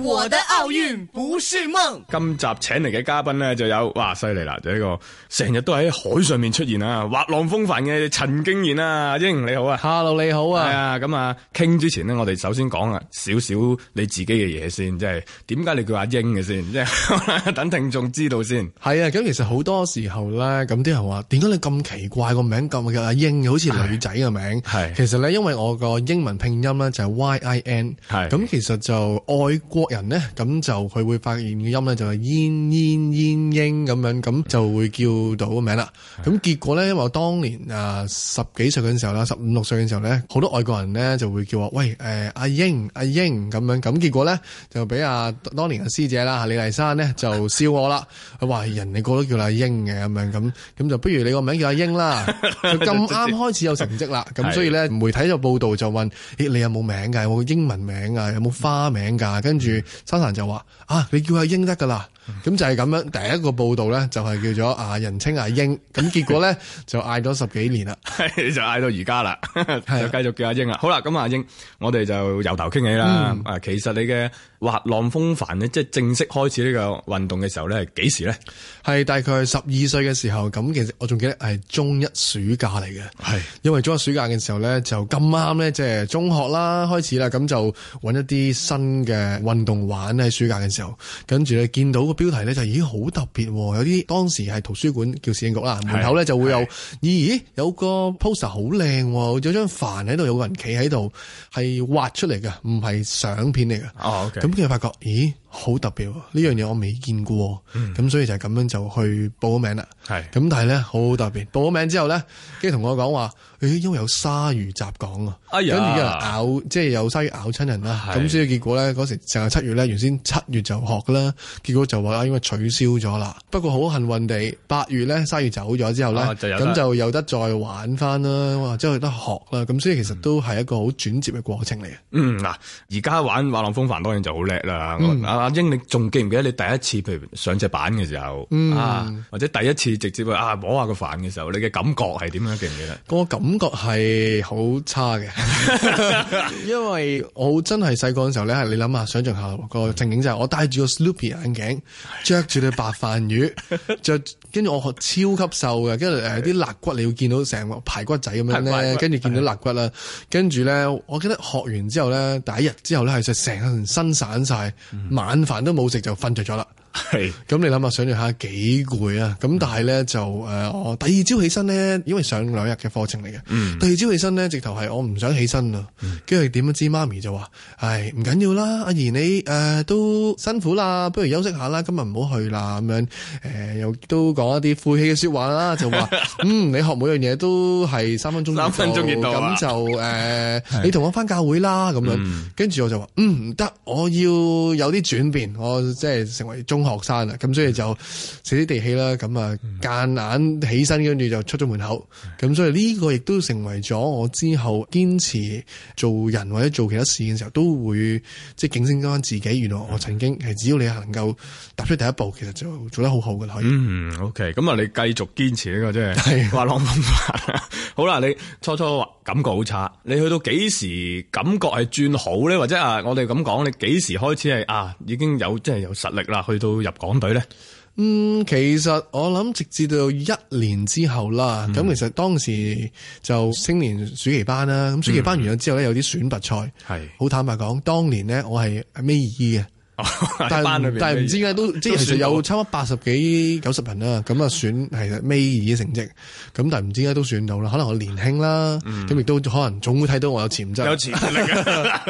我的奧運不是夢。今集請嚟嘅嘉賓呢，就有，哇，犀利啦！就呢個成日都喺海上面出現啊，滑浪風帆嘅陳敬然啊，英你好啊，hello 你好啊，咁啊，傾、啊、之前呢，我哋首先講啊少少你自己嘅嘢先，即係點解你叫阿英嘅先，即 係等聽眾知道先。係啊，咁其實好多時候咧，咁啲人話，點解你咁奇怪個名咁叫阿英，好似女仔嘅名。係、啊，其實咧因為我個英文拼音咧就係、是、Y I N，係是，咁其實就愛國人呢，咁就佢會發現嘅音咧就係燕燕燕英咁樣，咁就會叫到個名啦。咁結果呢，因為我當年啊、呃、十幾歲嘅時候啦，十五六歲嘅時候呢，好多外國人呢就會叫我喂誒、呃、阿英阿英咁樣。咁結果呢，就俾阿、啊、當年嘅師姐啦，李麗珊呢就笑我啦。佢話人哋個個都叫阿英嘅咁樣咁，咁就不如你個名叫阿英啦。佢咁啱 開始有成績啦，咁所以呢，媒體就報道就問：咦、欸，你有冇名噶？有冇英文名啊？有冇花名噶？跟住。沙蘭就話：啊，你叫阿英得噶啦。咁、嗯、就係咁樣，第一個報道咧就係、是、叫做「啊人稱阿英，咁 結果咧就嗌咗十幾年啦， 就嗌到而家啦，係 繼續叫阿英是啊。好啦，咁阿英，我哋就由頭傾起啦。嗯、啊，其實你嘅滑浪風帆咧，即係正式開始呢個運動嘅時候咧，係幾時咧？係大概十二歲嘅時候，咁其實我仲記得係中一暑假嚟嘅，係是因為中一暑假嘅時候咧，就咁啱咧，即、就、係、是、中學啦開始啦，咁就揾一啲新嘅運動玩喺暑假嘅時候，跟住咧見到。標題咧就已經好特別，有啲當時係圖書館叫市影局啦，門口咧就會有，的咦？有個 poster 好靚，有張帆喺度，有個人企喺度，係畫出嚟嘅，唔係相片嚟嘅。哦，OK。咁佢就發覺，咦？好特別喎，呢樣嘢我未見過，咁、嗯、所以就咁樣就去報咗名啦。係是，咁但係咧好特別，報咗名之後咧，後跟住同我講話、哎，因為有鯊魚襲港啊，哎、呀跟住有人咬，即、就、係、是、有鯊魚咬親人啦。咁是所以結果咧，嗰時成日七月咧，原先七月就學啦，結果就話啊，因為取消咗啦。不過好幸運地，八月咧鯊魚走咗之後咧，咁、啊、就，就有得再玩翻啦，即係有得學啦。咁所以其實都係一個好轉折嘅過程嚟嘅。嗯，嗱，而家玩滑浪風帆當然就好叻啦。嗯阿英，你仲記唔記得你第一次譬如上隻板嘅時候、嗯、啊，或者第一次直接啊摸下個板嘅時候，你嘅感覺係點樣？記唔記得？嗰個感覺係好差嘅， 因為我真係細個嘅時候咧，你諗下，想象下個情景就係我戴住個 Sloopy 眼鏡，着住對白飯魚，着。 跟住我學超級瘦嘅，跟住誒啲肋骨你要見到成個排骨仔咁樣，跟住見到肋骨啦。跟住咧，我記得學完之後咧，第一日之後咧係食成身散晒，嗯、晚飯都冇食就瞓着咗啦。係，咁是你諗下，想象下幾攰啊！咁但係咧就誒、呃，我第二朝起身咧，因為上兩日嘅課程嚟嘅，嗯、第二朝起身咧，直頭係我唔想起身啊。跟住點樣知媽咪就話，唉，唔緊要啦，阿姨你誒、呃、都辛苦啦，不如休息下啦，今日唔好去啦咁樣，誒、呃、又都講一啲晦氣嘅說話啦，就話， 嗯，你學每樣嘢都係三分鐘，鐘三分鐘熱度，咁就誒，呃、是你同我翻教會啦咁樣，跟住、嗯、我就話，嗯，唔得，我要有啲轉變，我即係成為中。學生啊，咁所以就死死地氣啦，咁啊，夾硬起身，跟住就出咗門口。咁、嗯、所以呢個亦都成為咗我之後堅持做人或者做其他事嘅時候，都會即係、就是、警醒返自己。原來我曾經係只要你係能夠踏出第一步，其實就做得好好㗎喇。嗯，OK，咁啊、這個的， 你繼續堅持呢個即係話浪風好啦，你初初話感覺好差，你去到幾時感覺係轉好咧？或者啊，我哋咁講，你幾時開始係啊已經有即係有實力啦？去到要入港隊咧，嗯，其實我諗直至到一年之後啦，咁、嗯、其實當時就青年暑期班啦，咁、嗯、暑期班完咗之後咧，有啲選拔賽，係是，好坦白講，當年咧我係咩二嘅。 但係但係唔知點解，都即係其實有差唔多八十幾、九十人啦，咁啊 選係尾二嘅成績，咁但係唔知點解都選到啦，可能我年輕啦，咁亦、 嗯、都可能總會睇到我有潛質， 有潛力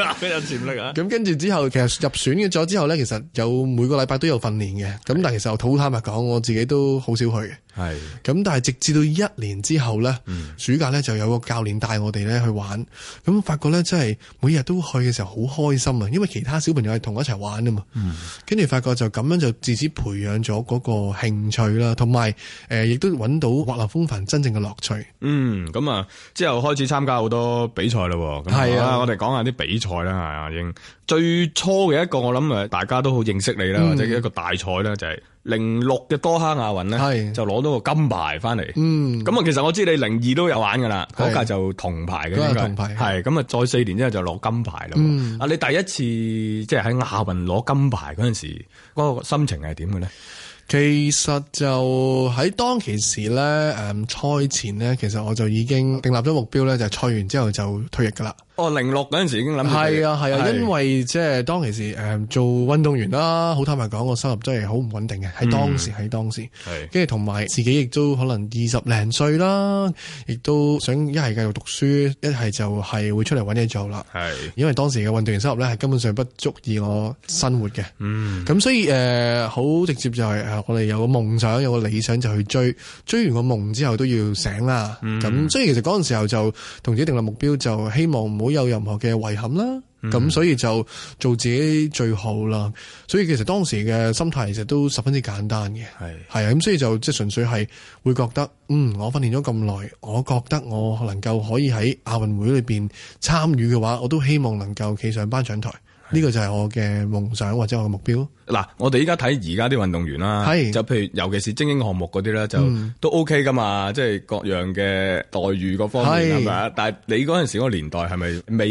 啊， 有潛力啊，咁跟住之後其實入選咗之後咧，其實有每個禮拜都有訓練嘅，咁的但係其實好坦白講，我自己都好少去嘅。係，咁是但係直至到一年之後咧，嗯、暑假咧就有個教練帶我哋咧去玩，咁發覺咧真係每日都去嘅時候好開心啊，因為其他小朋友係同我一齊玩啊嘛，跟住、嗯、發覺就咁樣就自此培養咗嗰個興趣啦，同埋誒亦都揾到滑浪風帆真正嘅樂趣。嗯，咁啊之後開始參加好多比賽咯，係啊，我哋講下啲比賽啦，阿英、啊、最初嘅一個我諗誒大家都好認識你啦，或者、嗯、一個大賽咧就係、是。零六嘅多哈亞運咧，是就攞到個金牌翻嚟。嗯，咁啊，其實我知你零二都有玩噶啦，嗰屆是就銅牌嘅。嗰屆銅牌係咁啊，牌再四年之後就攞金牌咯。啊、嗯，你第一次即係喺亞運攞金牌嗰陣時，嗰、那個心情係點嘅呢？其實就喺當其時咧，誒、嗯，賽前呢，其實我就已經訂立咗目標咧，就係賽完之後就退役噶啦。哦，零六嗰陣時已經諗係啊，係啊，啊是因為即係當其時誒做運動員啦，好坦白講，個收入真係好唔穩定嘅，喺當時喺當時，係、呃，跟住同埋自己亦都可能二十零歲啦，亦都想一係繼續讀書，一係就係會出嚟搵嘢做啦。係是，因為當時嘅運動員收入咧，係根本上不足以我生活嘅。嗯，咁所以誒好、呃、直接就係誒我哋有個夢想，有個理想就去追，追完個夢之後都要醒啦。咁、嗯、所以其實嗰陣時候就同自己定立目標，就希望唔好有任何嘅遺憾啦，咁所以就做自己最好啦。所以其實當時嘅心態其實都十分之簡單嘅，係係啊。咁所以就即係純粹係會覺得，嗯，我訓練咗咁耐，我覺得我能夠可以喺亞運會裏邊參與嘅話，我都希望能夠企上頒獎台。呢個就係我嘅夢想或者我嘅目標。嗱，我哋依家睇而家啲運動員啦，是就譬如尤其是精英項目嗰啲咧，就、嗯、都 OK 噶嘛，即係各樣嘅待遇各方面啊是但係你嗰陣時嗰個年代係咪未？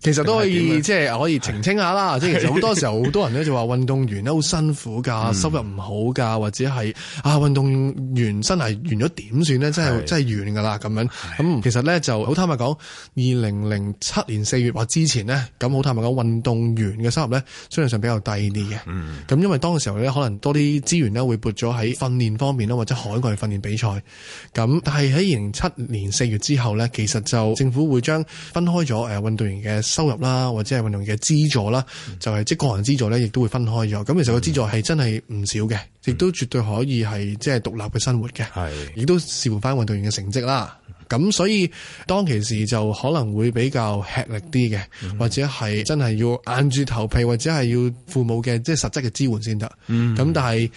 其實都可以即係、就是、可以澄清下啦。即係是其實好多時候，好多人咧就話運動員咧好辛苦噶是收入唔好噶，或者係啊運動員真係完咗點算咧？真係真係完噶啦咁樣，咁是、嗯、其實咧就好坦白講二零零七年四月或之前咧，咁好坦白講運動員嘅收入咧，相對上比較低啲嘅。嗯，咁因為當時候咧，可能多啲資源咧會撥咗喺訓練方面啦，或者海外訓練比賽。咁但係喺二零零七年四月之後咧，其實就政府會將分開咗誒運動員嘅收入啦，或者係運動員嘅資助啦，嗯、就係即個人資助咧，亦都會分開咗。咁其實個資助係真係唔少嘅，亦都絕對可以係即係獨立嘅生活嘅，係、嗯，亦都視乎翻運動員嘅成績啦。咁所以當其時就可能會比較吃力啲嘅，mm hmm. 或者係真係要硬住頭皮，或者係要父母嘅即係實質嘅支援先得。咁、mm hmm. 但係。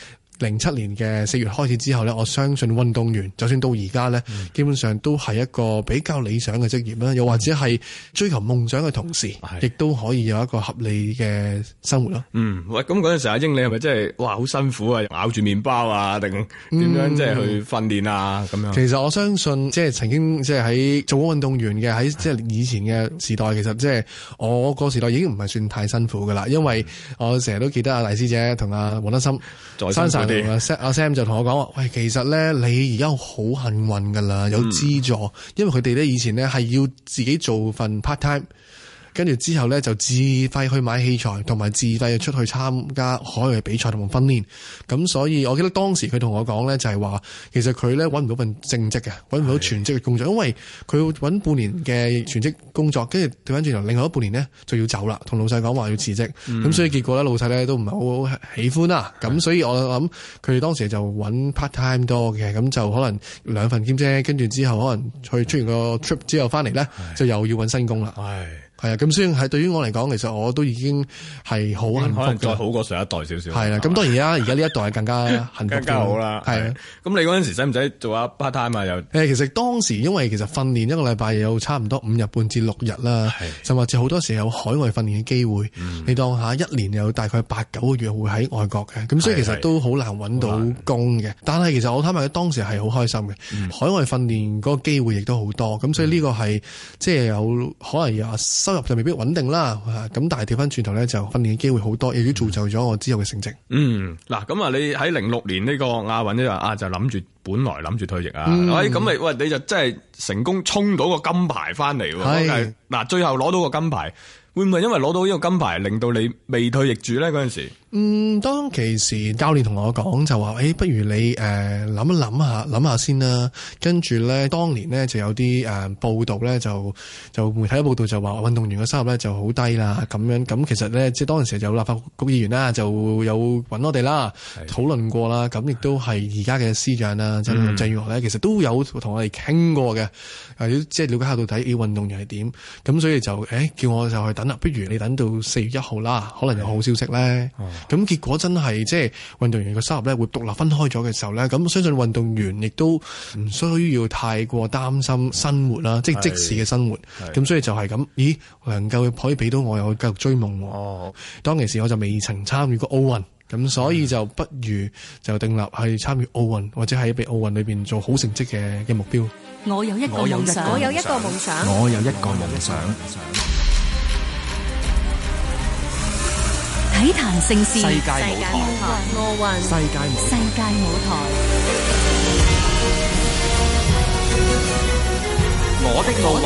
零七年嘅四月開始之後呢，我相信運動員就算到而家呢，嗯、基本上都係一個比較理想嘅職業啦，又或者係追求夢想嘅同時，嗯、亦都可以有一個合理嘅生活啦。嗯，喂，咁嗰陣時阿英，你係咪真係哇好辛苦啊？咬住麵包啊，定點樣即係去訓練啊？咁樣、嗯。其實我相信即係曾經即係喺做過運動員嘅，喺即係以前嘅時代，其實即係我個時代已經唔係算太辛苦噶啦，因為我成日都記得阿黎師姐同阿黃德森。再生辛阿 Sam 就同我講話，喂，其實咧，你而家好幸運噶啦，有資助，嗯、因為佢哋咧以前咧係要自己做份 part time。跟住之後咧，就自費去買器材，同埋自費出去參加海外比賽同埋訓練。咁所以，我記得當時佢同我講咧，就係話其實佢咧揾唔到份正職嘅，揾唔到全職嘅工作，係。因為佢揾半年嘅全職工作，跟住掉翻轉頭，另外一半年呢就要走啦。同老細講話要辭職，咁、嗯、所以結果咧，老細咧都唔係好喜歡啦。咁所以我諗佢當時就揾 part time 多嘅，咁就可能兩份兼職。跟住之後可能去出完個 trip 之後翻嚟咧，就又要揾新工啦。係。係啊，咁所以係對於我嚟講，其實我都已經係好幸福。可能再好過上一代少少。係啦，咁當然啦，而家呢一代係更加幸福。 更加好啦，係啊的。咁你嗰陣時使唔使做下 part time 啊？又誒、嗯，其實當時因為其實訓練一個禮拜有差唔多五日半至六日啦，的甚至好多時有海外訓練嘅機會，嗯、你當下一年有大概八九個月會喺外國嘅，咁所以其實都好難揾到工嘅。但係其實我睇下佢當時係好開心嘅，嗯、海外訓練嗰個機會亦都好多，咁所以呢個係、嗯、即係有可能又收入就未必穩定啦，咁但係調翻轉頭咧，就訓練嘅機會好多，亦都造就咗我之後嘅成績。嗯，嗱，咁啊,你喺零六年呢個亞運咧啊，就諗住本來諗住退役啊，喂、嗯、咁、欸、你喂你就真係成功衝到個金牌翻嚟，係嗱是，最後攞到個金牌。會唔會因為攞到呢個金牌，令到你未退役住咧？嗰陣時，嗯，當其時教練同我講就話，誒、欸，不如你誒諗、呃、一諗下，諗下先啦。跟住咧，當年呢就有啲誒、呃、報道咧，就就媒體嘅報道就話，運動員嘅收入咧就好低啦。咁樣咁，其實咧即係當時就有立法局議員啦，就有揾我哋啦，討論的過啦。咁亦都係而家嘅司長啦，鄭鄭月娥咧，嗯、其實都有同我哋傾過嘅。誒，即係了解下到底要運動員係點，咁所以就誒、欸、叫我就去等啦。不如你等到四月一號啦，可能有好消息咧。咁的結果真係即係運動員嘅收入咧，會獨立分開咗嘅時候咧，咁相信運動員亦都唔需要太過擔心生活啦，的即係即時嘅生活。咁的所以就係咁，咦，能夠可以俾到我又去繼續追夢。哦、當其時我就未曾參與過奧運，咁所以就不如就訂立係參與奧運或者係喺奧運裏邊做好成績嘅嘅目標。我有一個夢想，我有一個夢想，我有一個夢想。夢想體壇盛事，世界舞台，世界舞台。我的奧運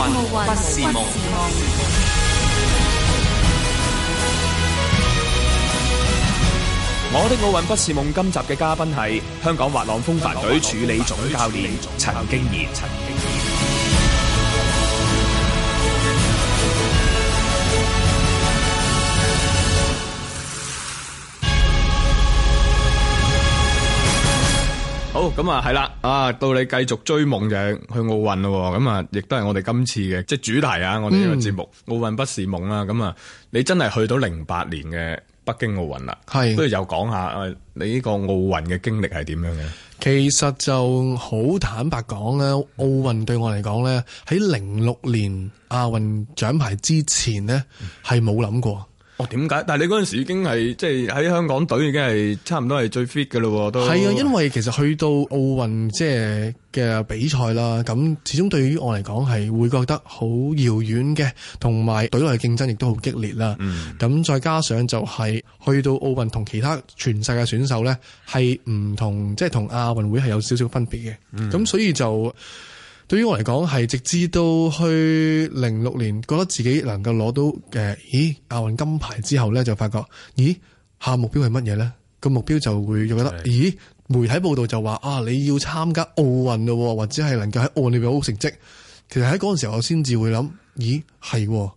我的奧運不是夢。今集嘅嘉賓係香港滑浪風帆隊助理總教練陳敬然。陳嗯、好，咁啊，係啦，啊，到你繼續追夢就去奧運咯。咁啊，亦都係我哋今次嘅即係主題啊，我哋呢個節目奧運、嗯、不是夢啦。咁啊，你真係去到零八年嘅。北京奧運啦，係，不如又講下誒你呢個奧運嘅經歷係點樣嘅？其實就好坦白講咧，奧運對我嚟講咧，喺零六年亞運獎牌之前呢係冇諗過。哦，點解？但係你嗰陣時已經係即係喺香港隊已經係差唔多係最 fit 嘅咯。都係啊，因為其實去到奧運即係嘅比賽啦，咁始終對於我嚟講係會覺得好遙遠嘅，同埋隊內競爭亦都好激烈啦。咁、嗯、再加上就係去到奧運同其他全世界選手咧係唔同，即係同亞運會係有少少分別嘅。咁、嗯、所以就。對於我嚟講，係直至到去零六年，覺得自己能夠攞到誒，咦，亞運金牌之後咧，就發覺，咦，下目標係乜嘢咧？個目標就會又覺得，咦，媒體報道就話啊，你要參加奧運咯，或者係能夠喺奧運入面有好成績。其實喺嗰陣時候，我先至會諗，咦，係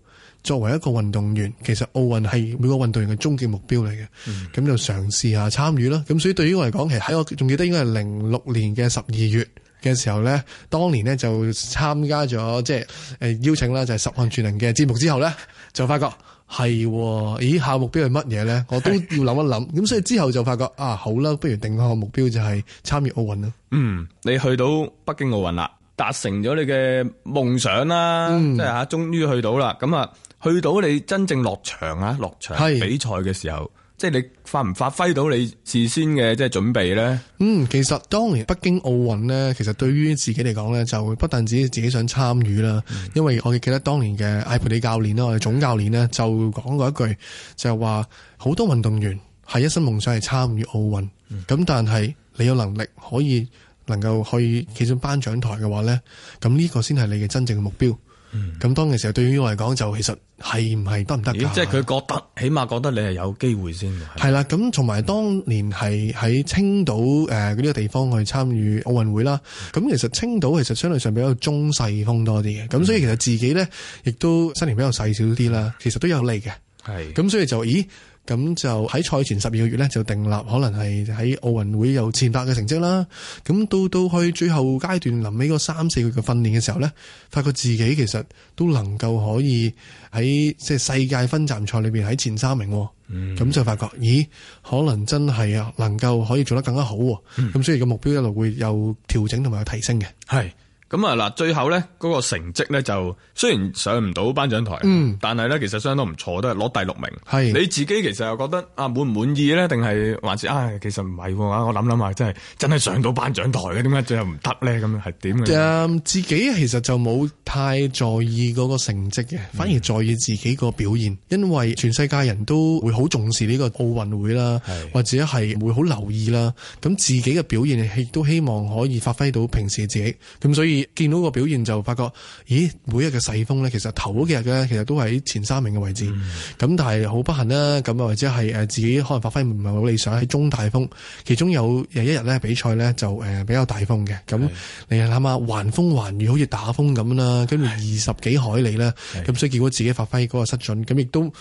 作為一個運動員，其實奧運係每個運動員嘅終極目標嚟嘅。咁、嗯、就嘗試下參與啦。咁所以對於我嚟講，其實喺我仲記得應該係零六年嘅十二月。嘅時候呢，當年呢就參加咗即係誒、呃、邀請啦，就係十項全能嘅節目之後呢，就發覺係、啊，咦，下目標係乜嘢呢？我都要諗一諗。咁 所以之後就發覺啊，好啦，不如定個目標就係參與奧運啦。嗯，你去到北京奧運啦，達成咗你嘅夢想啦，嗯、即係啊終於去到啦。咁啊，去到你真正落場啊，落場比賽嘅時候。即係你發唔發揮到你事先嘅即係準備咧？嗯，其實當年北京奧運咧，其實對於自己嚟講咧，就不但止自己想參與啦，嗯、因為我記得當年嘅艾培利教練啦，我哋總教練咧就講過一句，就係話好多運動員係一生夢想係參與奧運，咁、嗯、但係你有能力可以能夠可以企上頒獎台嘅話咧，咁呢個先係你嘅真正嘅目標。咁、嗯、當其時候，對於我嚟講，就其實係唔係得唔得噶？即係佢覺得，起碼覺得你係有機會先。係啦，咁同埋當年係喺青島誒嗰啲地方去參與奧運會啦。咁、嗯、其實青島其實相對上比較中細風多啲嘅，咁、嗯、所以其實自己咧亦都身形比較細少啲啦。嗯、其實都有利嘅。係的。咁所以就咦？咁就喺賽前十二個月呢，就訂立可能係喺奧運會有前八嘅成績啦。咁到到去最後階段臨尾嗰三四個月嘅訓練嘅時候呢，發覺自己其實都能夠可以喺即係世界分站賽裏邊喺前三名，哦。咁、嗯、就發覺，咦，可能真係啊，能夠可以做得更加好，哦。咁、嗯、所以個目標一路會有調整同埋有提升嘅，係。咁啊嗱，最後咧、嗰個成績咧就雖然上唔到頒獎台，嗯，但係咧其實相當唔錯，都係攞第六名。係是你自己其實又覺得啊滿唔滿意咧？定係還是啊、哎？其實唔係，我諗諗下，真係真係上到頒獎台嘅，點解最後唔得咧？咁樣係點？樣、嗯、自己其實就冇太在意嗰個成績嘅，反而在意自己個表現，嗯、因為全世界人都會好重視呢個奧運會啦，是或者係會好留意啦。咁自己嘅表現亦都希望可以發揮到平時嘅自己咁，所以。見到個表現就發覺，咦，每日嘅細風呢，其實頭嗰幾日咧，其實都喺前三名嘅位置。咁、嗯、但係好不幸啦，咁啊，或者係誒自己可能發揮唔係好理想。喺中大風，其中有有一日呢，比賽呢就誒比較大風嘅。咁是你諗下，橫風橫雨，好似打風咁啦，跟住二十幾海里咧，咁是所以結果自己發揮嗰個失準，咁亦都唔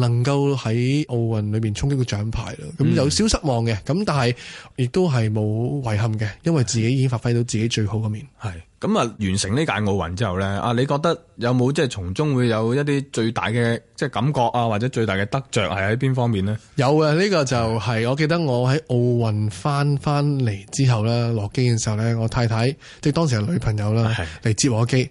能夠喺奧運裏面沖擊個獎牌啦。咁有、嗯、少失望嘅，咁但係亦都係冇遺憾嘅，因為自己已經發揮到自己最好嘅面，係。咁啊，完成呢屆奧運之後咧，啊你覺得有冇即係從中會有一啲最大嘅即係感覺啊，或者最大嘅得着係喺邊方面呢？有啊，呢、呢個就係、是、的我記得我喺奧運翻翻嚟之後咧，落機嘅時候咧，我太太即係當時係女朋友啦，嚟接我機，的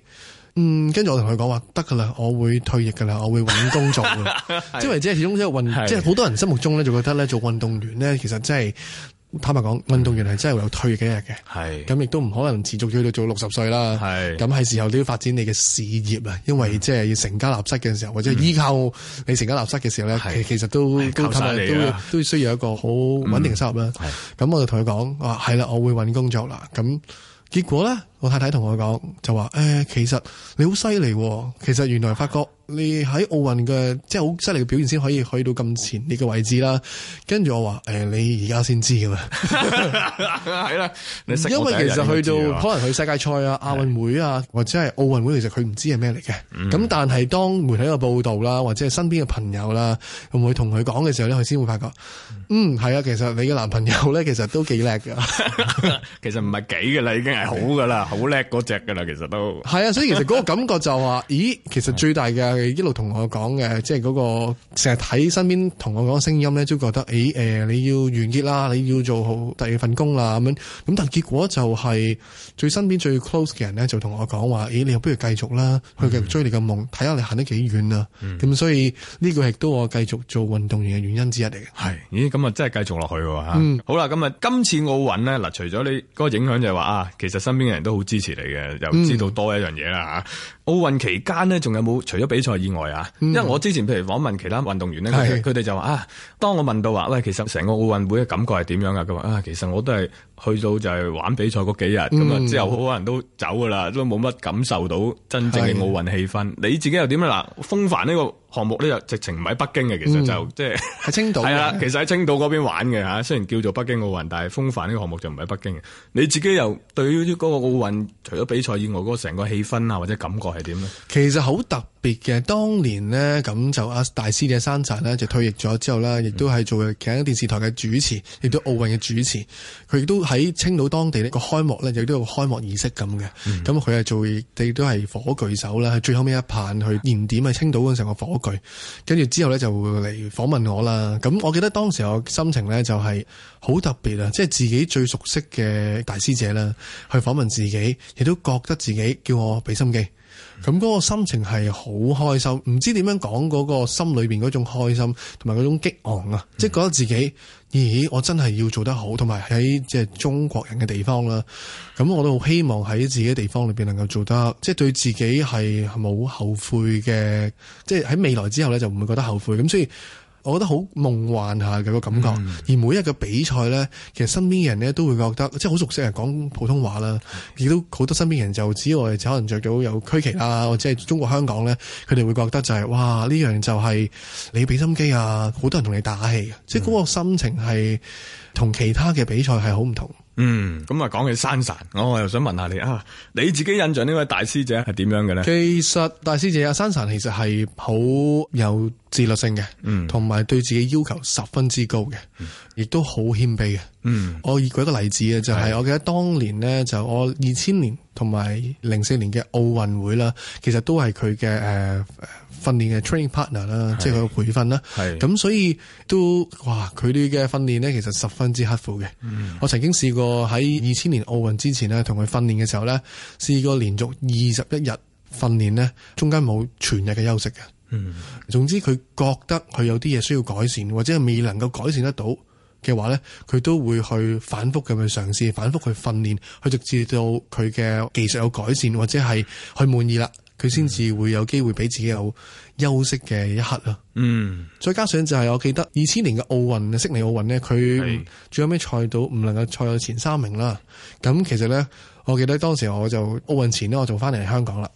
嗯，跟住我同佢講話得噶啦，我會退役噶啦，我會搵工作嘅，運的即係或者始終即係運，即係好多人心目中咧就覺得咧做運動員咧其實真、就、係、是。坦白講，運動員係真係會有退役嘅一日嘅，係咁亦都唔可能持續去到做六十歲啦，係咁係時候你要發展你嘅事業啊，是因為即係要成家立室嘅時候，或者依靠你成家立室嘅時候咧，其是其實都都都都需要一個好穩定收入啦。咁、嗯、我就同佢講，我係啦，我會搵工作啦。咁結果咧？我太太同我講就話誒、欸，其實你好犀利，其實原來發覺你喺奧運嘅即係好犀利嘅表現，先可以去到咁前列嘅位置啦、啊。跟住我話誒、欸，你而家先知噶嘛、啊？係啦，因為其實去到 可能去世界賽啊、亞運會啊，或者係奧運會，其實佢唔知係咩嚟嘅。咁、嗯、但係當媒體嘅報道啦、啊，或者係身邊嘅朋友啦、啊，會唔會同佢講嘅時候咧，佢先會發覺嗯係啊，其實你嘅男朋友咧，其實都幾叻噶。 其實唔係幾噶啦，已經係好噶啦。好叻嗰隻噶啦，其實都係 啊，所以其實嗰個感覺就話、是，咦，其實最大嘅一路同我講嘅，即係嗰個成日睇身邊同我講嘅聲音咧，都覺得誒，誒、欸呃，你要完結啦，你要做好第二份工啦，咁樣咁，但結果就係最身邊最 close 嘅人咧，就同我講話，咦，你不如繼續啦，去繼續追你嘅夢，睇下你行得幾遠啊，咁的所以呢個亦都我繼續做運動員嘅原因之一嚟嘅。係的，咦，咁啊，真係繼續落去吓。嗯，好啦，咁啊，今次奧運咧，嗱，除咗你嗰個影響就係話啊，其實身邊嘅人都好。支持你嘅，又知道多一樣嘢啦吓。嗯，奧運期間呢，仲有冇除咗比賽以外啊？因為我之前譬如訪問其他運動員呢，佢哋、嗯、就話啊，當我問到話喂，其實成個奧運會嘅感覺係點樣噶？佢話啊，其實我都係去到就係玩比賽嗰幾日，咁啊、嗯、之後好多人都走噶啦，都冇乜感受到真正嘅奧運氣氛。是你自己又點樣？嗱，風帆呢個項目呢，就直情唔喺北京嘅，其實就即係喺青島。係啦，其實喺青島嗰邊玩嘅吓，雖然叫做北京奧運，但係風帆呢個項目就唔喺北京嘅。你自己又對於嗰個奧運除咗比賽以外嗰成個氣氛啊，或者感覺？係點咧？其實好特別嘅。當年呢，咁就阿大師姐山澤呢，就退役咗之後啦，亦都係做其他電視台嘅主持，亦都奧運嘅主持。佢亦都喺青島當地呢個開幕呢，亦都有開幕儀式咁嘅。咁佢係做亦都係火炬手啦，係最後尾一棒去燃點喺青島嗰陣成個火炬。跟住之後呢，就會嚟訪問我啦。咁我記得當時我心情呢，就係好特別啊，即係自己最熟悉嘅大師姐啦，去訪問自己，亦都覺得自己叫我俾心機。咁嗰個心情係好開心，唔知點樣講嗰個心裏邊嗰種開心同埋嗰種激昂啊！嗯、即係覺得自己，咦，我真係要做得好，同埋喺即係中國人嘅地方啦。咁我都好希望喺自己地方裏邊能夠做得，即係對自己係冇後悔嘅，即係喺未來之後咧就唔會覺得後悔。咁所以。我覺得好夢幻下嘅個感覺，嗯、而每一日嘅比賽咧，其實身邊嘅人咧都會覺得，即係好熟悉人講普通話啦，亦都好多身邊人就知我哋可能着到有區旗啦，或者係中國香港咧，佢哋會覺得就係、是、哇呢樣就係你要俾心機啊，好多人同你打氣嘅，嗯、即係嗰個心情係同其他嘅比賽係好唔同。嗯，咁啊，講起珊珊，我我又想問下你啊，你自己印象呢位大師姐係點樣嘅咧？其實大師姐阿珊珊其實係好有自律性嘅，嗯，同埋對自己要求十分之高嘅，亦、嗯、都好謙卑嘅。嗯，我以舉個例子嘅，就係、是、我記得當年呢，就我二千年同埋零四年嘅奧運會啦，其實都係佢嘅誒訓、呃、練嘅 training partner 啦，嗯，即係佢嘅培訓啦。係是，咁所以都哇，佢哋嘅訓練呢，其實十分之刻苦嘅。嗯，我曾經試過喺二千年奧運之前呢，同佢訓練嘅時候呢，試過連續二十一日訓練呢，中間冇全日嘅休息嘅。嗯，總之佢覺得佢有啲嘢需要改善，或者係未能夠改善得到嘅話咧，佢都會去反覆咁去嘗試，反覆去訓練，去直至到佢嘅技術有改善，或者係佢滿意啦，佢先至會有機會俾自己有休息嘅一刻啦。嗯，再加上就係、是、我記得二千年嘅奧運、悉尼奧運呢，佢是最後尾賽到唔能夠賽到前三名啦。咁其實咧。我記得當時我就奧運前呢，我就翻嚟香港啦。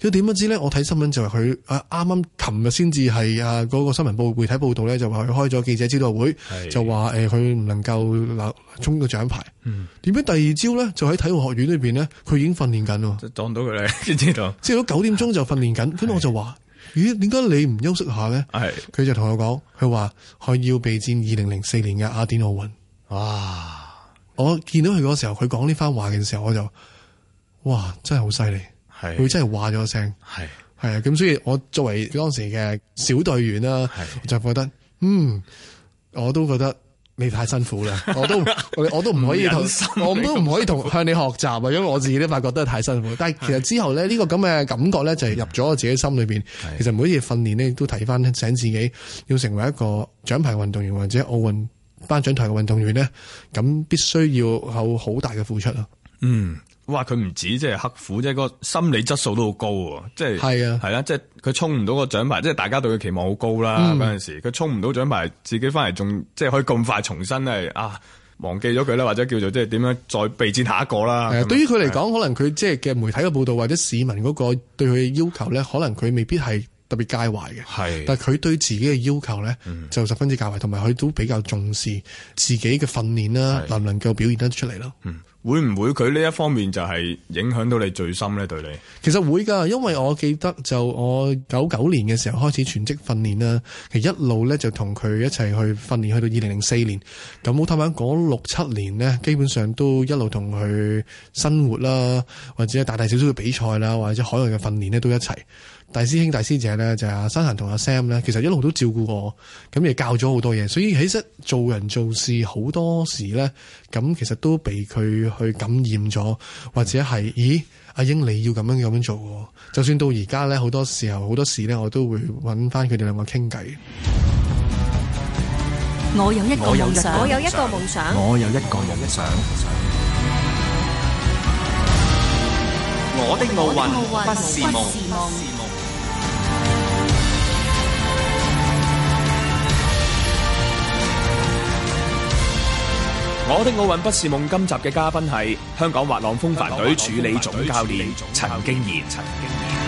佢點樣知咧？我睇新聞就話佢啊，啱啱琴日先至係啊嗰、那個新聞報媒體報道咧，就話佢開咗記者招待會，是就話誒佢唔能夠攞中個獎牌。點解、嗯、第二朝咧就喺體育學院裏邊咧，佢已經訓練緊喎？撞到佢嚟，知 道？知道九點鐘就訓練緊，咁我就話：咦，點解你唔休息下咧？係佢是就同我講，佢話佢要備戰二零零四年嘅雅典奧運。哇！我見到佢嗰時候，佢講呢番話嘅時候，我就哇，真係好犀利，佢的真係話咗一聲，係係啊，咁所以我作為當時嘅小隊員啦，的我就覺得，嗯，我都覺得你太辛苦啦， 我都我都唔可以同，我都唔可以同向你學習啊，因為我自己都發覺得係太辛苦。但係其實之後咧，呢、這個咁嘅感覺咧就入咗我自己心裏邊。的其實每一次訓練呢，都提翻醒自己要成為一個獎牌運動員或者奧運。頒獎台嘅運動員呢，咁必須要有好大嘅付出咯。嗯，哇！佢唔止即係刻苦，即係個心理質素都好高。即係係啊，係啦，即係佢衝唔到個獎牌，即係大家對佢期望好高啦。嗰陣時佢衝唔到獎牌，自己翻嚟仲即係可以咁快重新係啊，忘記咗佢啦，或者叫做即係點樣再備戰下一個啦。誒，啊，對於佢嚟講，啊，可能佢即係嘅媒體嘅報道或者市民嗰個對佢嘅要求呢，可能佢未必係。特別介懷嘅，係是，但係佢對自己嘅要求咧，嗯、就十分之介懷，同埋佢都比較重視自己嘅訓練啦，是能唔能夠表現得出嚟咯。嗯，會唔會佢呢一方面就係影響到你最深咧？對你，其實會㗎，因為我記得就我九九年嘅時候開始全職訓練啦，其實一路咧就同佢一齊去訓練，去到二零零四年，咁好坦白講，六七年呢基本上都一路同佢生活啦，或者大大小小嘅比賽啦，或者海外嘅訓練呢都一齊。大師兄、大師姐咧，就係、阿生殘同阿 Sam 咧，其實一路都照顧我，咁亦教咗好多嘢，所以其實做人做事好多時咧，咁其實都被佢去感染咗，或者係，咦？阿英你要咁樣咁樣做，就算到而家咧，好多時候好多事咧，我都會搵返佢哋兩個傾偈。我有一個夢想，我有一個夢想，我有一個夢想，想，想，想。我的奧運不是夢。我的奧運不是夢。今集嘅嘉賓係香港滑浪風帆隊助理總教練，總教練陳敬然。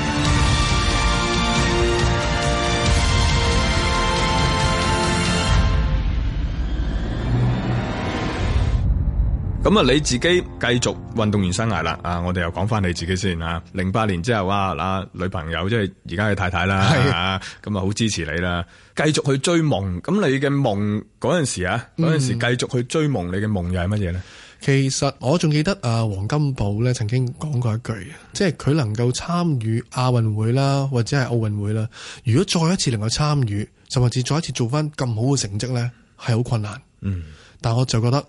咁啊，你自己繼續運動員生涯啦！啊，我哋又講翻你自己先啊。零八年之後啊，啊，女朋友即係而家嘅太太啦，係啊。咁啊好支持你啦。繼續去追夢，咁你嘅夢嗰陣時啊，嗰陣時繼續去追夢，你嘅夢又係乜嘢咧？其實我仲記得啊，黃金寶咧曾經講過一句，即係佢能夠參與亞運會啦，或者係奧運會啦，如果再一次能夠參與，甚至再一次做翻咁好嘅成績咧，係好困難。嗯，但我就覺得。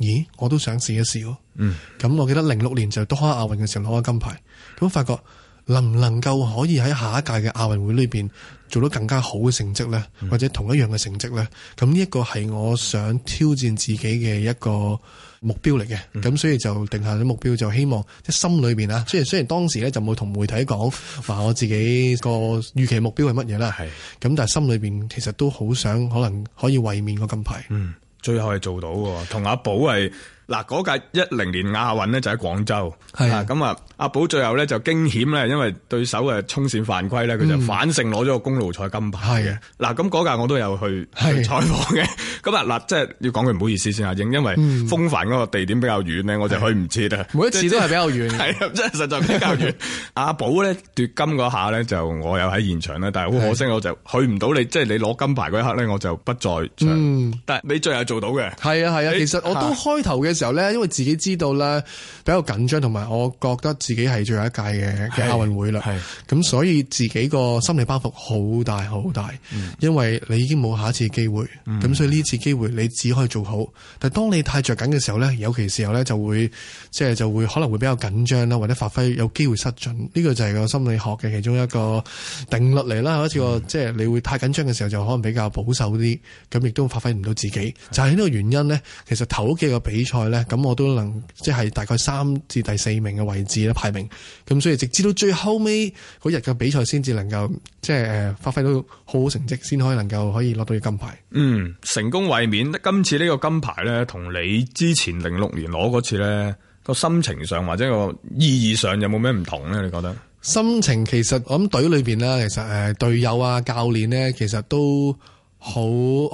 咦，我都想試一試喎。嗯。咁，我記得零六年就多哈亞運嘅時候攞咗金牌，咁發覺能唔能夠可以喺下一屆嘅亞運會裏邊做到更加好嘅成績呢？嗯、或者同一樣嘅成績呢？咁呢一個係我想挑戰自己嘅一個目標嚟嘅。咁、嗯、所以就定下咗目標，就希望即、就是、心裏邊啊。雖然雖然當時呢就冇同媒體講話我自己個預期目標係乜嘢啦。係的。咁但係心裏邊其實都好想可能可以衛冕個金牌。嗯。最後係做到喎，同阿寶係。嗱，嗰屆一零年亞運咧就喺廣州，係啊，咁啊，阿寶最後咧就驚險咧，因為對手嘅衝線犯規咧，佢就反勝攞咗個公路賽金牌嘅。嗱，咁嗰屆我都有去採訪嘅。咁啊，嗱，即係要講句唔好意思先，阿英，因為風帆嗰個地點比較遠咧，我就去唔切啊。每一次都係比較遠，係啊，真係實在比較遠。阿寶咧奪金嗰下咧，就我有喺現場咧，但係好可惜我就去唔到你，即係你攞金牌嗰一刻咧，我就不在。嗯，但係你最後做到嘅，係啊係啊，其實我都開頭嘅。時候咧，因為自己知道咧比較緊張，同埋我覺得自己係最後一屆嘅嘅亞運會啦，係咁所以自己個心理包袱好大好大，嗯、因為你已經冇下一次機會，咁、嗯、所以呢次機會你只可以做好。但係當你太着緊嘅時候咧，尤其時候咧就會即係、就係、就會可能會比較緊張啦，或者發揮有機會失準呢、呢個就係個心理學嘅其中一個定律嚟啦，好似個即係你會太緊張嘅時候就可能比較保守啲，咁亦都發揮唔到自己。是就係呢個原因咧，其實頭幾個比賽。咁我都能即係、就是，大概三至第四名嘅位置咧排名，咁所以直至到最後尾嗰日嘅比賽先至能夠即係發揮到好好成績，先可以能夠可以攞到個金牌。嗯，成功衛冕今次呢個金牌咧，同你之前零六年攞嗰次咧個心情上或者個意義上有冇咩唔同咧？你覺得？心情其實我諗隊裏邊呢，其實誒隊、呃、友啊教練呢，其實都好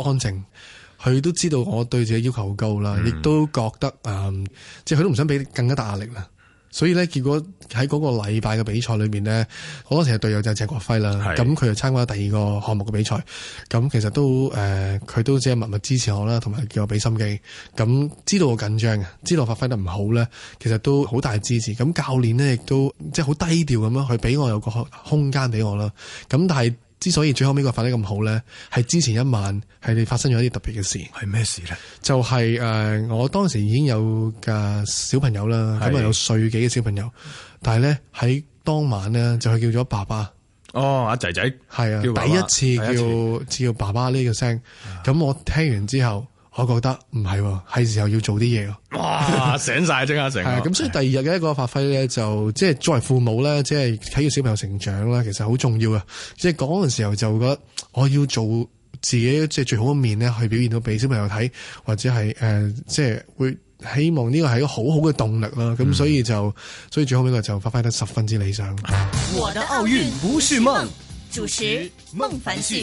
安靜。佢都知道我對自己要求好高啦，亦、嗯、都覺得啊、嗯，即係佢都唔想俾更加大壓力啦。所以咧，結果喺嗰個禮拜嘅比賽裏面咧，好多時嘅隊友就係謝國輝啦。咁佢又參加第二個項目嘅比賽。咁其實都誒，佢、呃、都只係默默支持我啦，同埋叫我俾心機。咁知道我緊張嘅，知道我發揮得唔好咧，其實都好大支持。咁教練咧亦都即係好低調咁樣，佢俾我有個空間俾我啦。咁但係。之所以最後尾個發得咁好咧，係之前一晚係你發生咗一啲特別嘅事。係咩事咧？就係、是、誒、呃，我當時已經有個小朋友啦，咁啊的有歲幾嘅小朋友，但係咧喺當晚咧就係叫咗爸爸。哦，阿仔仔係啊，的爸爸第一次叫一次次叫爸爸呢個聲。咁的我聽完之後。我覺得唔係，啊，係時候要做啲嘢咯。哇，醒晒，即刻醒。咁 啊、所以第二日嘅一個發揮咧，就即係作為父母咧，即係睇住小朋友成長咧，其實好重要嘅。即係嗰陣時候就覺得我要做自己即係最好嘅面咧，去表現到俾小朋友睇，或者係誒、呃、即係會希望呢個係一個好好嘅動力啦。咁、嗯、所以就所以最後尾個就發揮得十分之理想。我的奧運不是夢，主持孟凡旭。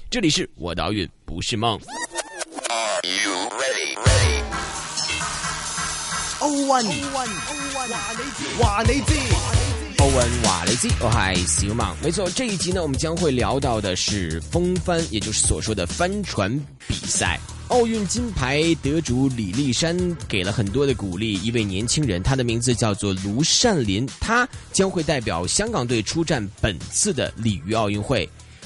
這裏是我的奧運，不是夢。Are you ready? One, one, one. 話你知，話你知，歐文瓦雷茲，我係小夢。沒錯，這一集呢，我們將會聊到的是風帆，也就是所說的帆船比賽。奧運金牌得主李麗珊給了很多的鼓勵，一位年輕人，他的名字叫做盧善林，他將會代表香港隊出戰本次的里約奧運會。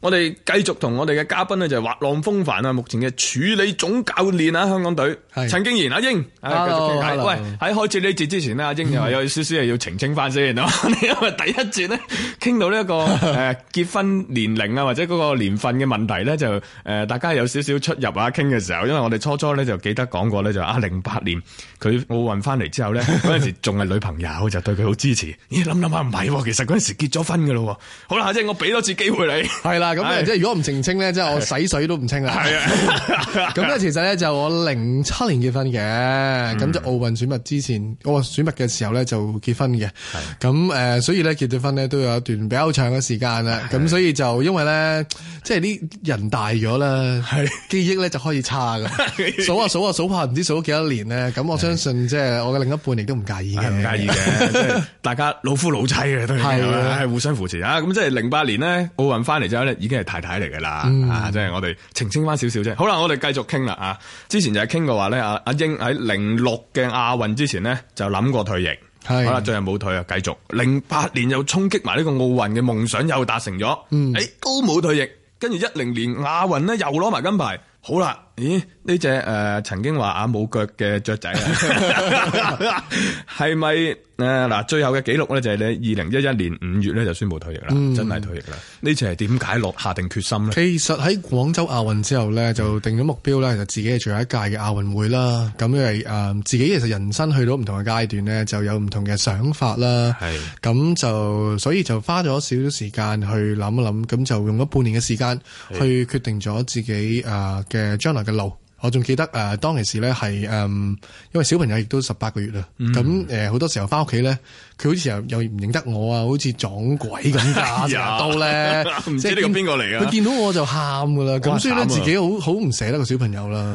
我哋繼續同我哋嘅嘉賓咧就係滑浪風帆啊，目前嘅處理總教練啊，香港隊陳敬然阿英，啊 Hello,，Hello. 繼續傾偈啦，喂，喺開始呢節之前呢，阿英就話有少少係要澄清翻先，mm. 先因為第一節呢，傾到呢、這、一個誒、呃、結婚年齡啊或者嗰個年份嘅問題咧就誒、呃、大家有少少出入啊，傾嘅時候，因為我哋初初咧就記得講過咧就啊零八年佢奧運翻嚟之後咧嗰陣時仲係女朋友，就對佢好支持，咦諗諗下唔係，其實嗰陣時結咗婚㗎咯，好啦，即係我俾多次機會你，係啦。咁即係如果唔澄清咧，即係我洗水都唔清啦。係啊，咁咧其實咧就我零七年結婚嘅，咁就奧運選拔之前，我選拔嘅時候咧就結婚嘅。咁誒，所以咧結咗婚咧都有一段比較長嘅時間啦。咁所以就因為咧，即係啲人大咗啦，係記憶咧就開始差咁，數啊數啊數吓，唔知數咗幾多年咧。咁我相信即係我嘅另一半亦都唔介意嘅，唔介意嘅。大家老夫老妻嘅都係，互相扶持啊。咁即係零八年咧奧運翻嚟就已經係太太嚟㗎啦，嗯、啊，即係我哋澄清翻少少啫。好啦，我哋繼續傾啦啊！之前就係傾嘅話咧，啊，阿英喺零六嘅亞運之前咧就諗過退役，係。好啦，最後冇退啊，繼續。零八年又衝擊埋呢個奧運嘅夢想又達成咗，誒都冇退役，跟住一零年亞運咧又攞埋金牌，好啦。咦？呢隻誒曾經話阿冇腳嘅雀仔，係咪誒嗱？最後嘅記錄咧就係咧，二零一一年五月咧就宣布退役啦，真係退役啦。呢隻係點解落下定決心咧？其實喺廣州亞運之後咧，就定咗目標咧，就自己係最後一屆嘅亞運會啦。咁因為誒自己其實人生去到唔同嘅階段咧，就有唔同嘅想法啦。係咁就所以就花咗少少時間去諗一諗，咁就用咗半年嘅時間去決定咗自己誒嘅將來。路，我仲記得誒，當其時咧係誒，因為小朋友亦都十八個月啦，咁誒好多時候翻屋企咧。佢好似又又唔認得我啊，好似撞鬼咁架，都咧、哎呀，即係咁邊個嚟啊？佢見到我就喊噶啦，咁嘩所以咧自己好好唔捨得個小朋友啦。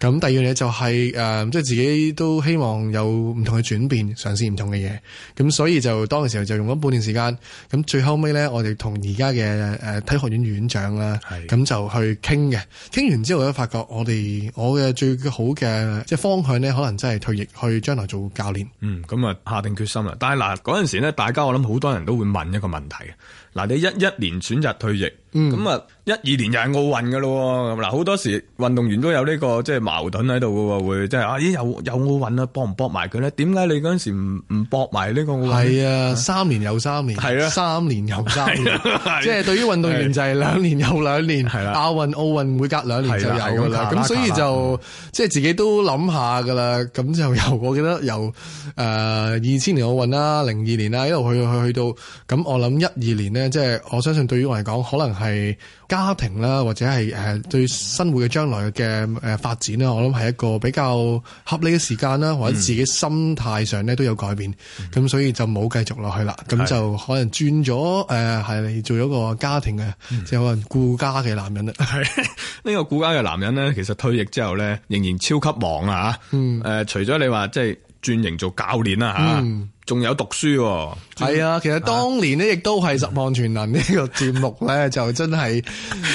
咁是第二樣嘢就係、是、誒，即、呃、係、就是、自己都希望有唔同嘅轉變，嘗試唔同嘅嘢。咁所以就當時候就用咗半年時間。咁最後尾咧，我哋同而家嘅誒體學院院長啦，咁是就去傾嘅。傾完之後咧，發覺我哋我嘅最好嘅即係方向咧，可能真係退役去將來做教練。嗯，咁啊下定決心啦。嗱，啊，嗰陣時咧，大家我諗好多人都會問一個問題。嗱，你一一年選擇退役，咁啊、嗯、一二年又係奧運嘅咯。咁嗱，好多時運動員都有呢個即係矛盾喺度嘅喎，會即、就、係、是、啊，咦，又有奧運啦，搏唔搏埋佢咧？點解你嗰陣時唔唔搏埋呢個奧運？係啊，三年又三年，係啊，三年又三年，啊、即係對於運動員就係兩年又兩年，亞運、啊、奧運會隔兩年就有嘅啦。咁、啊、所以就、啊嗯、即係自己都諗下嘅啦。咁就由我記得由誒二千年奧運啦，零二年啦，一路去去去到咁，我諗一二年呢。即係我相信，對於我嚟講，可能係家庭啦，或者係誒對生活嘅將來嘅誒發展啦，我諗係一個比較合理嘅時間啦，或者自己心態上咧都有改變，咁、嗯、所以就冇繼續落去啦，咁、嗯、就可能轉咗誒係你做咗個家庭嘅，即係、嗯、可能顧家嘅男人啦。係 呢個顧家嘅男人咧，其實退役之後咧仍然超級忙啊吓。誒、嗯呃，除咗你話即係。轉型做教練啦吓，仲有讀書，係啊！其實當年呢亦都係十項全能呢個節目咧，就真係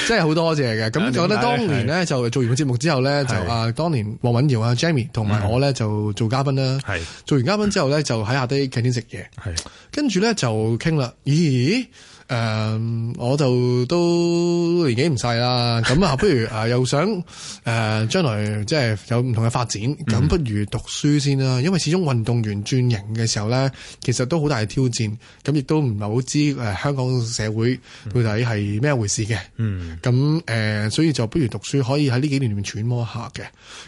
真係好多謝嘅。咁就覺得當年咧就做完個節目之後咧，就啊當年黃允瑤啊 Jamie 同埋我咧就做嘉賓啦。係做完嘉賓之後咧，就喺下低餐廳食嘢，係跟住咧就傾啦。咦？誒、呃、我就都年紀唔細啦，咁啊，不如啊、呃、又想誒、呃、將來即係有唔同嘅發展，咁 不如讀書先啦。因為始終運動員轉型嘅時候咧，其實都好大嘅挑戰。咁亦都唔係好知誒香港社會到底係咩回事嘅。嗯， 咁、呃、誒所以就不如讀書可以喺呢幾年裏面揣摩一下嘅。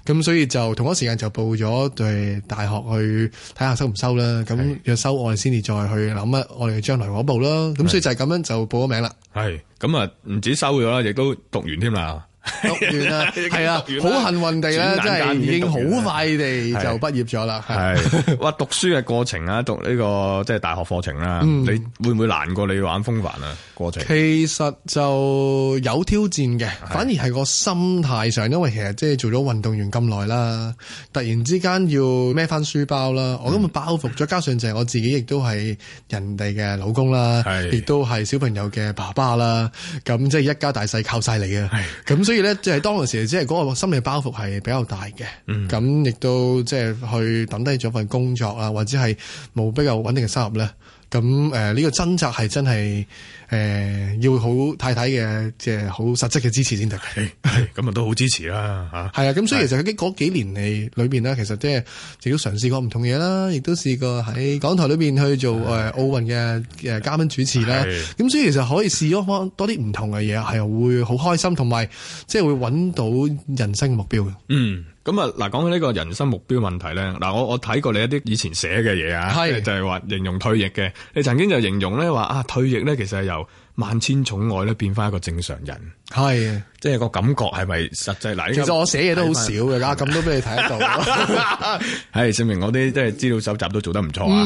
咁所以就同一時間就報咗對大學去睇下收唔收啦。咁要收我我，我哋先至再去諗啊我哋將來嗰步啦。咁所以就係咁。就報咗名啦，係咁啊，唔止收咗啦，亦都讀完添啦。讀完啦，係啊，好幸運地咧，即係已經好快地就畢業咗啦。係，哇，讀書嘅過程啊，讀呢個即係大學課程啦，你會唔會難過？你玩風帆啊？過程其實就有挑戰嘅，反而係個心態上，因為其實即係做咗運動員咁耐啦，突然之間要孭翻書包啦，我咁包袱，再加上就係我自己亦都係人哋嘅老公啦，亦都係小朋友嘅爸爸啦，咁即係一家大細靠晒你嘅，咁。所以咧，即係當嗰時，即係嗰個心理包袱係比較大嘅。嗯，咁亦都即係去抌低咗份工作啊，或者係冇比較穩定嘅收入咧。咁誒，呢個掙扎係真係誒，要好太太嘅即係好實質嘅支持先得嘅。咁啊，都好支持啦吓。係啊，咁所以其實佢嗰幾年嚟裏邊咧，其實即係自己嘗試過唔同嘢啦，亦都試過喺港台裏邊去做誒奧運嘅誒嘉賓主持啦。咁所以其實可以試多方多啲唔同嘅嘢，係會好開心，同埋即係會揾到人生目標嘅。嗯。咁啊，嗱，講起呢個人生目標問題咧，嗱，我我睇過你一啲以前寫嘅嘢啊，是就係話形容退役嘅，你曾經就形容咧話啊，退役咧其實係由萬千寵愛咧變翻一個正常人，係，即係個感覺係咪實際嚟？其實我寫嘢都好少嘅，咁都俾你睇得到，係證明我啲即係資料搜集都做得唔錯啊！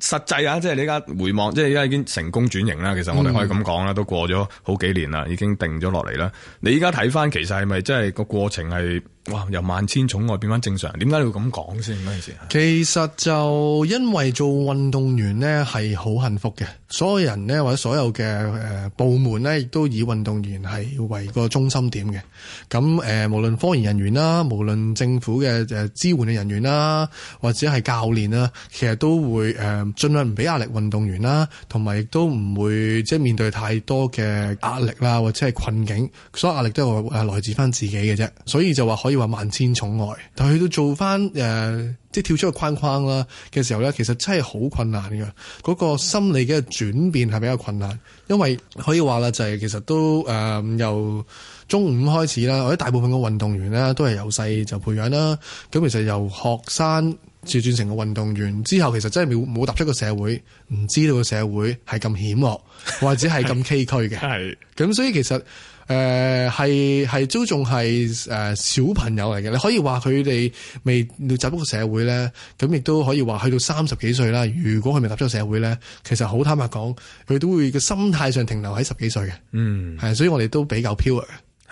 實際啊，即係你而家回望，即係而家已經成功轉型啦。其實我哋可以咁講啦，都過咗好幾年啦，已經定咗落嚟啦。你而家睇翻，其實係咪即係個過程係？哇！由萬千寵愛變翻正常，點解你會咁講，先陣時吓，其實就因為做運動員咧係好幸福嘅，所有人咧或者所有嘅誒部門咧，亦都以運動員係為個中心點嘅。咁誒、呃，無論科研人員啦，無論政府嘅誒、呃、支援嘅人員啦，或者係教練啊，其實都會誒盡、呃、量唔俾壓力運動員啦，同埋亦都唔會即係面對太多嘅壓力啦，或者係困境。所有壓力都係誒來自翻自己嘅啫，所以就話可以。話萬千寵愛，但係去到做翻誒、呃，即係跳出個框框啦嘅時候咧，其實真係好困難嘅。嗰、那個心理嘅轉變係比較困難，因為可以話啦，就係、是、其實都誒、呃，由中五開始啦，我啲大部分嘅運動員咧都係由細就培養啦。咁其實由學生自轉成個運動員之後，其實真係冇冇踏出個社會，唔知道個社會係咁險惡，或者係咁崎嶇嘅。係咁，所以其實。誒，係係都仲係誒小朋友嚟嘅，你可以話佢哋未入咗個社會咧，咁亦都可以話去到三十幾歲啦。如果佢未踏入咗個社會咧，其實好坦白講，佢都會個心態上停留喺十幾歲嘅。嗯，係、啊，所以我哋都比較 pure。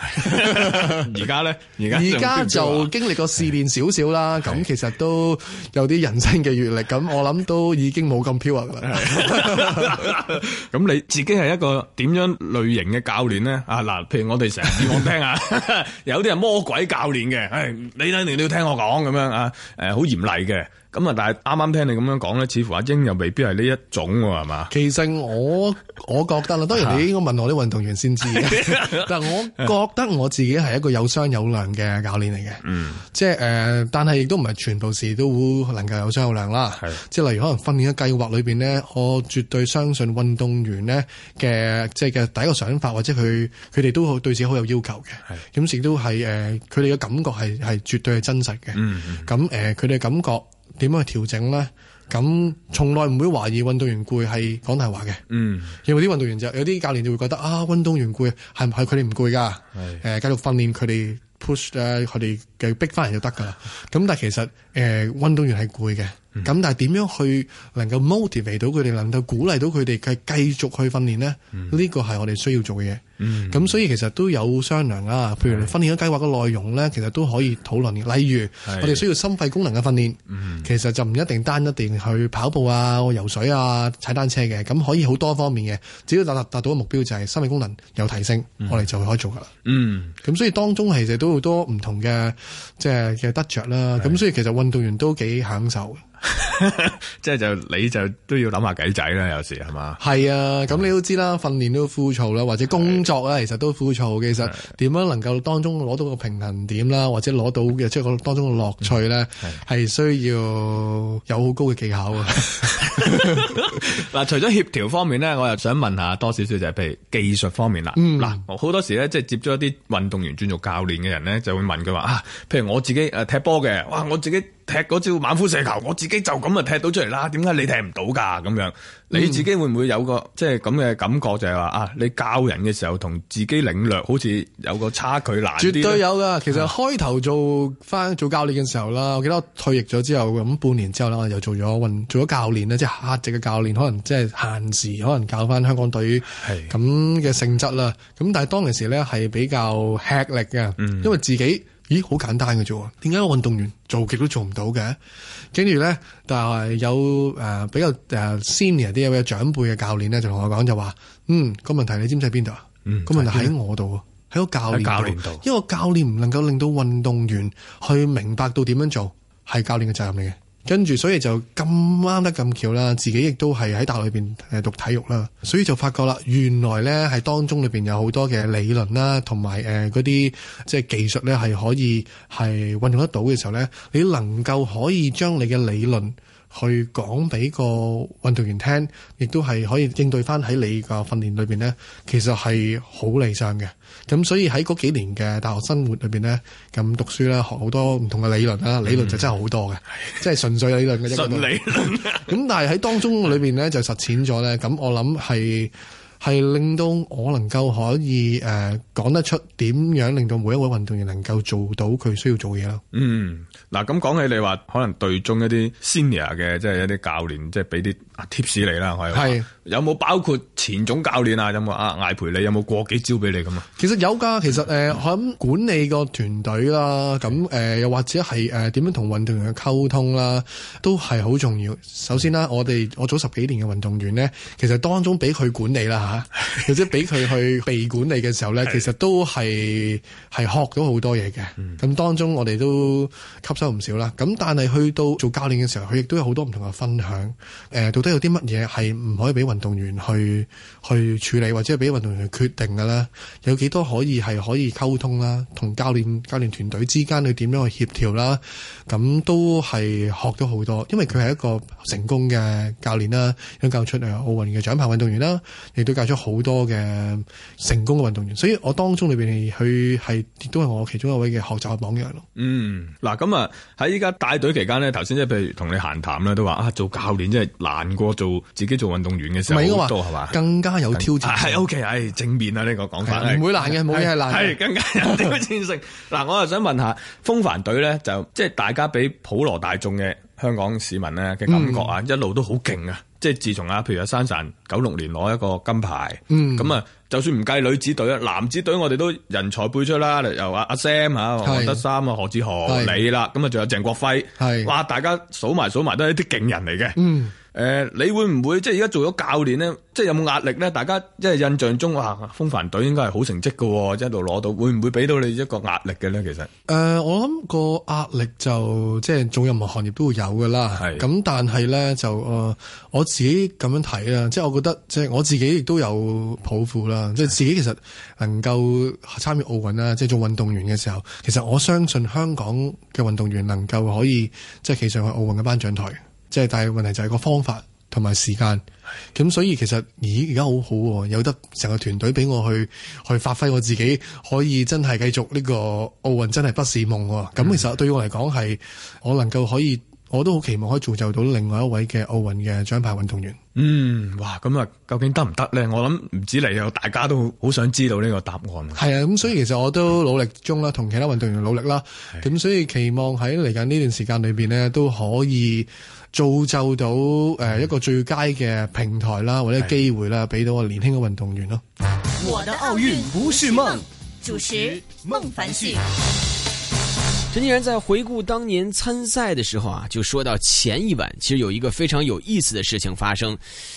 而家咧，而家 就經歷過試煉少少啦，咁 其實都有啲人生嘅閱歷，咁 我諗都已經冇咁飄啦。咁你自己係一個點樣類型嘅教練呢？啊，嗱，譬如我哋成日耳我聽下， 有啲係魔鬼教練嘅，唉、哎，你一定都要聽我講咁樣啊，誒，好嚴厲嘅。咁啊！但係啱啱聽你咁樣講咧，似乎阿英又未必係呢一種喎，係嘛？其實我我覺得啦，當然你應該問我啲運動員先知。 但係我覺得我自己係一個有商有量嘅教練嚟嘅，嗯、就是，即係誒，但係亦都唔係全部事都能夠有商有量啦。係，即係例如可能訓練嘅計劃裏邊呢，我絕對相信運動員呢嘅即係嘅第一個想法或者佢佢哋都對自己好有要求嘅，係是的，亦都係誒，佢哋嘅感覺係係絕對係真實嘅，嗯嗯咁誒，佢哋嘅感覺。點樣去調整咧？咁從來唔會懷疑運動員攰係講大話嘅。嗯，因為有啲運動員就有啲教練就會覺得啊，運動員攰係唔係佢哋唔攰噶。係誒的繼續訓練佢哋 push 啊，佢哋嘅逼翻嚟就得噶啦。咁但係其實誒、呃、運動員係攰嘅。咁但係點樣去能夠 motivate 到佢哋，能夠鼓勵到佢哋嘅繼續去訓練咧？呢個係我哋需要做嘅嘢。嗯，咁所以其實都有商量啊，譬如訓練嘅計劃嘅內容咧，其實都可以討論嘅。例如我哋需要心肺功能嘅訓練，嗯、其實就唔一定單一定去跑步啊、游水啊、踩單車嘅，咁可以好多方面嘅，只要達達到嘅目標就係心肺功能有提升，我哋就可以做噶啦。嗯、咁、嗯、所以當中其實都好多唔同嘅即係嘅得着啦。咁、嗯嗯、所以其實運動員都幾享受是的， 即係就你就都要諗下計仔啦，有時係嘛？係啊對，咁你都知啦，訓練都枯燥啦，或者工。工作咧，其實都枯燥。其實點樣能夠當中攞到個平衡點啦，或者攞到嘅即係個當中嘅樂趣咧，係需要有好高嘅技巧啊。嗱 除咗協調方面咧，我又想問下多少少，就係譬如技術方面啦、嗯。嗯，嗱，好多時咧，即係接咗一啲運動員轉做教練嘅人咧，就會問佢話啊，譬如我自己誒踢波嘅，哇，我自己。踢嗰招猛虎射球，我自己就咁啊踢到出嚟啦。點解你踢唔到噶？咁樣你自己會唔會有個即係咁嘅感覺，就係、是、話啊，你教人嘅時候同自己領略好似有個差距大啲。絕對有噶。其實開頭做翻做教練嘅時候啦，我記得我退役咗之後咁半年之後啦，我又做咗運做咗教練咧，即係客席嘅教練，可能即係限時，可能教翻香港隊咁嘅性質啦。咁是但係當其時呢，係比較吃力嘅，嗯、因為自己。咦，好簡單嘅啫喎，點解個運動員做極都做唔到嘅？跟住咧，但係有誒比較誒 senior 啲有位長輩嘅教練咧，就同我講就話，嗯，個問題你知唔知喺邊度啊？嗯，個問題喺我度，喺個教練度，教練因為個教練唔能夠令到運動員去明白到點樣做，係教練嘅責任嚟嘅。跟住，所以就咁啱得咁巧啦，自己亦都係喺大學裏邊誒讀體育啦，所以就發覺啦，原來咧係當中裏邊有好多嘅理論啦，同埋誒嗰啲即係技術咧係可以係運用得到嘅時候咧，你能夠可以將你嘅理論去講俾個運動員聽，亦都係可以應對返喺你個訓練裏邊呢，其實係好理想嘅。咁所以喺嗰幾年嘅大學生活裏邊呢，咁讀書啦，學好多唔同嘅理論啦，理論就真係好多嘅，即係純粹理論嘅一個。純理論。咁但係喺當中裏邊呢就實踐咗呢，咁我諗係。係令到我能夠可以誒、呃、講得出點樣令到每一位運動員能夠做到佢需要做嘢啦。嗯，嗱咁講起你話，可能隊中一啲 senior 嘅，即係一啲教練，即係俾啲 tips 你啦是，係咪？有冇包括前總教練啊？有冇啊？陪你有冇啊？艾培你有冇過幾招俾你咁啊？其實有㗎，其實誒，我諗管理個團隊啦，咁誒又或者係誒點樣同運動員去溝通啦，都係好重要。首先啦，我哋我早十幾年嘅運動員咧，其實當中俾佢管理啦 或者俾佢去被管理嘅時候呢，其實都係係學到好多嘢嘅。咁當中我哋都吸收唔少啦。咁但係去到做教練嘅時候，佢亦都有好多唔同嘅分享。誒、呃，到底有啲乜嘢係唔可以俾運動員去去處理，或者係俾運動員去決定嘅呢？有幾多可以係可以溝通啦？同教練教練團隊之間去點樣去協調啦？咁都係學到好多，因為佢係一個成功嘅教練啦，有教出嚟奧運嘅獎牌運動員啦，亦都帶咗好多嘅成功嘅運動員，所以我當中裏邊佢係亦都係我其中一位嘅學習嘅榜樣咯。嗯，嗱咁啊，喺依家帶隊期間咧，頭先即係譬如同你閒談啦，都話啊做教練即係難過做自己做運動員嘅時候好多係嘛，更加有挑戰。係 O K 誒，正面啊呢個講法，唔會難嘅，冇嘢，係難係更加有挑戰性。嗱，我又想問下風帆隊咧，就即係大家俾普羅大眾嘅。香港市民咧嘅感覺啊，一路都好勁啊！嗯、即係自從啊，譬如阿珊神九六年攞一個金牌，咁啊、嗯，就算唔計女子隊啊，男子隊我哋都人才輩出啦。例如話阿 Sam 啊、黃是德森啊，何智豪你啦，咁啊仲有鄭國輝，是哇！大家數埋數埋都係一啲勁人嚟嘅。嗯誒、呃，你會唔會即係而家做咗教練呢，即係有冇壓力呢？大家即係印象中啊，風帆隊應該係好成績嘅喎，一路攞到，會唔會俾到你一個壓力嘅呢？其實誒、呃，我諗個壓力就即係做任何行業都會有噶啦。咁是但係咧就誒、呃，我自己咁樣睇啦，即係我覺得即係我自己亦都有抱負啦。是即係自己其實能夠參與奧運啦，即係做運動員嘅時候，其實我相信香港嘅運動員能夠可以即係企上去奧運嘅頒獎台。即係，大嘅問題就係個方法同埋時間，咁所以其實，咦，而家好好啊，有得成個團隊俾我去去發揮我自己，可以真係繼續呢個奧運，真係不是夢啊。咁其實對於我嚟講，係我能夠可以，我都好期望可以造就到另外一位嘅奧運嘅獎牌運動員。嗯，哇，咁啊，究竟得唔得咧？我諗唔止嚟，又大家都好想知道呢個答案。係啊，咁所以其實我都努力中啦，同其他運動員努力啦。咁的所以期望喺嚟緊呢段時間裏邊呢，都可以。造就到誒，一個最佳嘅平台啦，或者機會啦，俾到我年輕嘅運動員咯。我的奧運不是夢，主持孟凡旭，陳敬然在回顧當年參賽的時候啊，就說到前一晚，其實有一個非常有意思的事情發生，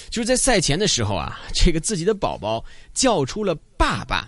就是在賽前的時候啊，這個自己的寶寶叫出了爸爸。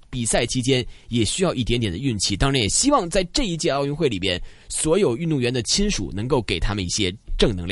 比賽期間也需要一點點的運氣，當然也希望在這一屆奧運會裏邊，所有運動員的親屬能夠給他們一些正能量。